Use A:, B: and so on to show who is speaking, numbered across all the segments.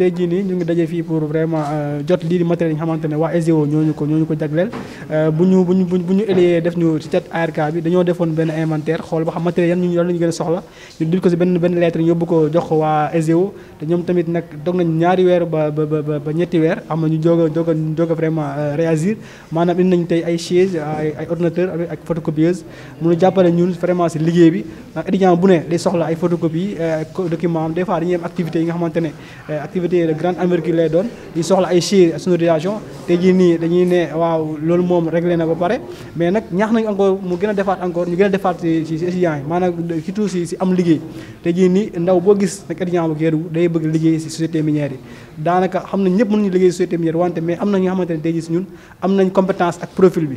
A: ni ñu pour vraiment euh, jot li di matériel ne ko ko euh, def ñu ci bi dañoo inventaire xol ba xam matériel ñu ñu soxla ñu ko ci ben ben lettre ko jox ko te tamit nak dog nañ ñaari wër ba ba ba ñetti wër am ñu a vraiment euh, réagir manam indi nañ tay ay chaise ay ay ordinateur ak photocopieuse ñun vraiment liggéey bi étudiant bu soxla ay des fois activité yi activité de grande envergure lay doon di soxla ay chir sonorisation te ji nii dañuy ne waaw loolu moom réglé na ba pare mais nag ñaax nañ encore mu gën a defaat encore ñu gën a defaat si si étudiants yi maanaam surtout si si am liggéey te ji nii ndaw boo gis nag étudiant bu Kédougou day bëgg liggéey si société minière yi daanaka xam na ñëpp mën nañu liggéey si société minière wante mais am na ñoo xamante ne tey ji si ñun am nañ compétence ak profil bi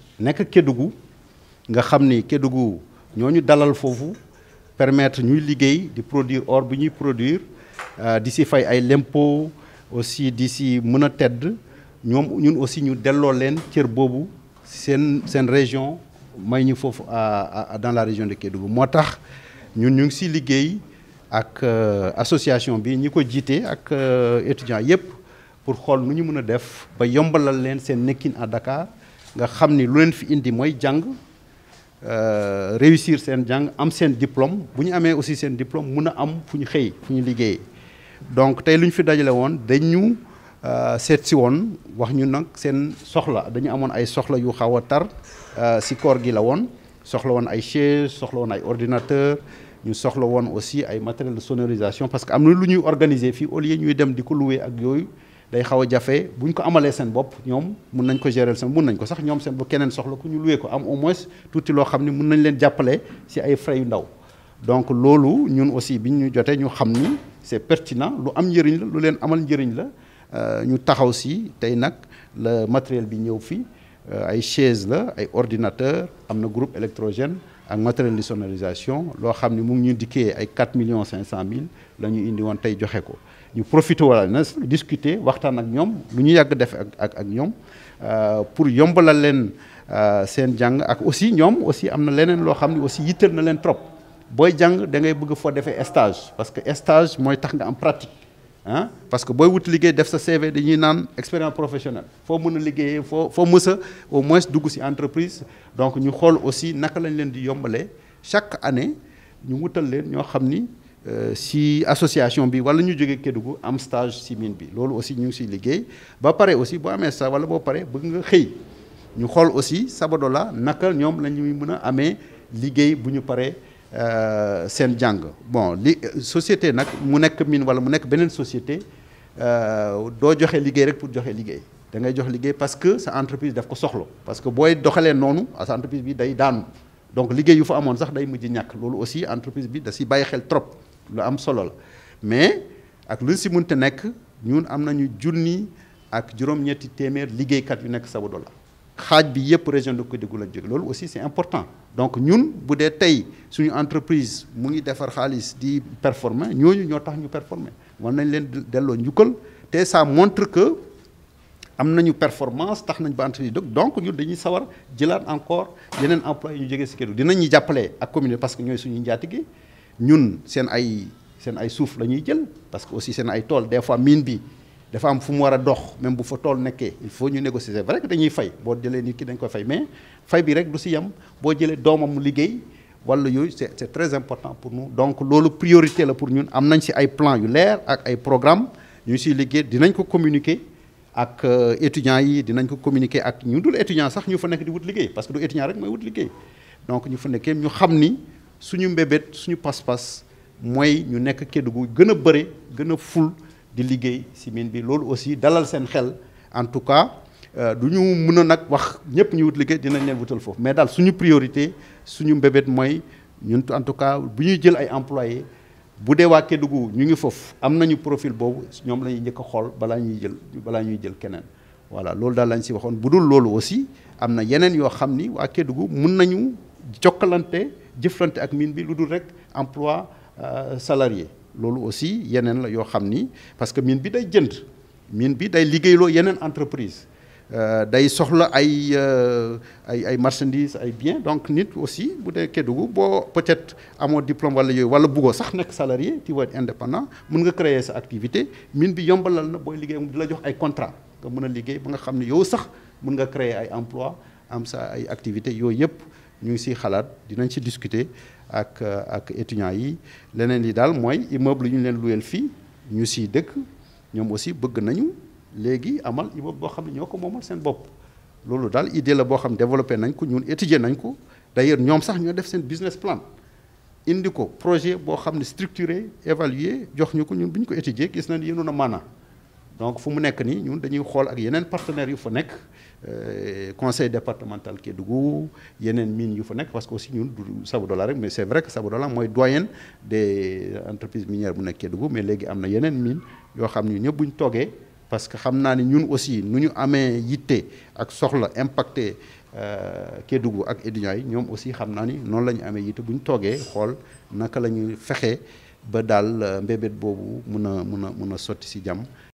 A: nek Kédougou
B: nga xamni ni Kédougou ñoo dalal fofu permettre ñuy liggéey di produire or bi ñuy produire euh, di si fay ay lempo aussi d'ici mëna tedd ñom ñun aussi ñu delloo leen cër bobu, sen sen région may ñu à, dans la région de Kédougou motax ñun ñu ngi si liggéey ak euh, association bi ñi ko jiite ak euh, étudiant yépp pour xol nu ñu mëna def ba yombalal leen sen nekkin à Dakar nga xam ni lu leen fi indi mooy jàng euh, réussir seen jàng am seen diplôme bu ñu amee aussi seen diplôme mun a am fu ñu xëy fu ñu donc tey lu ñu fi dajale woon dañu euh, seet si woon wax ñu nag seen soxla dañu amoon ay soxla yu xaw a tar euh, si koor gi la woon soxla woon ay chaise soxla woon ay ordinateur ñu soxla woon aussi ay matériel de sonorisation parce que am na lu ñuy organiser fii au lieu ñuy dem di ko louer ak yooyu day xaw a jafe bu ko amalee seen bopp ñoom mën nañ ko gérer seen mën nañ ko sax ñoom seen bu keneen soxla ku ñu luwee ko am au moins tuuti loo xam ne mun nañ leen jàppale si ay frais yu ndaw donc loolu ñun aussi bi ñu jotee ñu xam ni c'est pertinent lu am njëriñ la lu leen amal njëriñ la euh, ñu taxaw si tey nag le matériel bi ñëw fi euh, ay chaise la ay ordinateur am na groupe électrogène ak matériel de sonorisation loo xam ne mu ngi ñu dikkee ay 4 millions 500 000 la ñu indi woon tey joxe ko ñu profité wala na discuter waxtaan ak ñom lu ñu yag def ak ak ñom euh pour yombalal len euh sen jang ak aussi ñom aussi amna na leneen loo xam aussi yitteel na len trop boy jang da ngay bëgg fo defee stage parce que stage moy tax nga am pratique hein parce que boy wut liggéey def sa CV dañuy naan expérience professionnelle fo mëna liggéey fo fo foo au moins dugg ci entreprise donc ñu xol aussi naka lañ leen di yombalé chaque année ñu wutal leen ño xamni euh, si association bi wala ñu joggé Kédougou am stage si mine bi lolu aussi ñu ci liggéey ba paré aussi bo amé ça wala bo paré bëgg nga xey ñu xol aussi Sabadola naka ñom lañu mëna amé liggéey bu ñu paré euh sen jang bon li société nak mu nekk mine wala mu nekk benen société euh do joxé liggéey rek pour joxé liggéey da ngay jox liggéey parce que sa entreprise daf ko soxlo parce que boy doxalé nonu à ah, sa entreprise bi day daan donc liggéey yu fa amone sax day mujj ñak lolu aussi entreprise bi da si baye xel trop lu am solo la mais ak lu si mënta nek ñun am nañu junni ak juroom ñetti témèr téeméer kat yu nek sa Sabodala xaj bi yépp région de Kédougou la jóge loolu aussi c'est important donc ñun bu dee tey suñu entreprise mu ngi défar xaalis di performer ñooñu ñoo tax ñu performer war nañ leen delloo njukkal té ça montre que am nañu performance tax nañ ba entreprise dëgg donc ñun dañuy sawar jëlaat encore yeneen employé ñu jógee si Kédougou ñi jappalé ak commune parce que ñoy suñu njaatige ñun seen ay seen ay suuf la ñuy jël parce que aussi seen ay tool des fois mine bi dafa am fu mu war a dox même bu fa tool nekkee il faut ñu négocier vrai que dañuy fay boo jëlee nit ki dañ koy fay mais fay bi rek du si yem boo jëlee doomam liggéey wala yooyu c'est c'est très important pour nous donc loolu priorité la pour ñun am nañ si ay plan yu leer ak ay programme ñu siy liggéey dinañ ko communiquer ak euh, étudiants yi dinañ ko communiquer ak ñu dul étudiant sax ñu fa nekk di wut liggéey parce que du étudiant rek mooy wut liggéey donc ñu fa nekkee ñu xam ni suñu mbébét suñu pas-pas mooy ñu nekk Kédougou gën a bëre gën a ful di liggéey si mine bi loolu aussi dalal seen xel en tout cas euh, du ñu mun a nag wax ñëpp ñu wut liggéey dinañ leen wutal foofu mais daal suñu priorité suñu mbébét mooy ñun en tout cas bu ñuy jël ay employés bu dee waa Kédougou ñu ngi foofu am nañu profil boobu ñoom la ñuy njëkk a xool balaa ñuy jël balaa ñuy jël keneen voilà loolu daal lañ si waxoon bu dul loolu aussi am na yeneen yoo xam ni waa Kédougou mun nañu jokkalante. jëfrante ak min bi lu dul rek emploi euh, salarié loolu aussi yeneen la yoo xam ni parce que min bi day jënd min bi day liggéeyloo yeneen entreprise euh, day soxla ay euh, ay ay marchandise ay bien donc nit aussi bu dee kee dugg boo peut être amo diplôme wala yooyu wala bëggoo sax nekk salarié ci wa indépendant mun nga créer sa activité min bi yombalal na booy liggéey di jox ay contrat nga mun a liggéey ba nga xam ne yow sax mun nga créer ay emploi am sa ay activité yooyu yëpp ñu ngi siy xalaat dinañ ci discuter ak euh, ak étudiants yi leneen li daal mooy immeuble yu ñu leen luweel fii ñu siy dëkk ñoom aussi bëgg nañu léegi amal immeuble boo xam ne ñoo ko moomal seen bopp. loolu daal idée la boo xam développé nañ ko ñun étudier nañ ko d'ailleurs ñoom sax ñoo def seen business plan indi ko projet boo xam ne structuré évalué jox ñu ko ñun bu ñu ko étudier gis nañ yéen a maanaa donc fu nek ni, ñun dañuy xol ak yenen partenaires yu fa nek, euh, conseil départemental Kédougou yenen mine yu fa nek parce que aussi ñun du Sabodala rek mais c'est vrai que Sabodala moy doyen des entreprises minières bu nek Kédougou mais léegi am na yeneen mines yoo xam ne ñëpp bu ñu parce que xamna ni ñun aussi nuñu amé amee ak soxla impacté euh Kédougou ak Édina ñom aussi xamna ni non la amé amee buñ bu xol naka la fexé ba dal euh, mbébét bobu mëna mëna mëna a ci a si jàmm.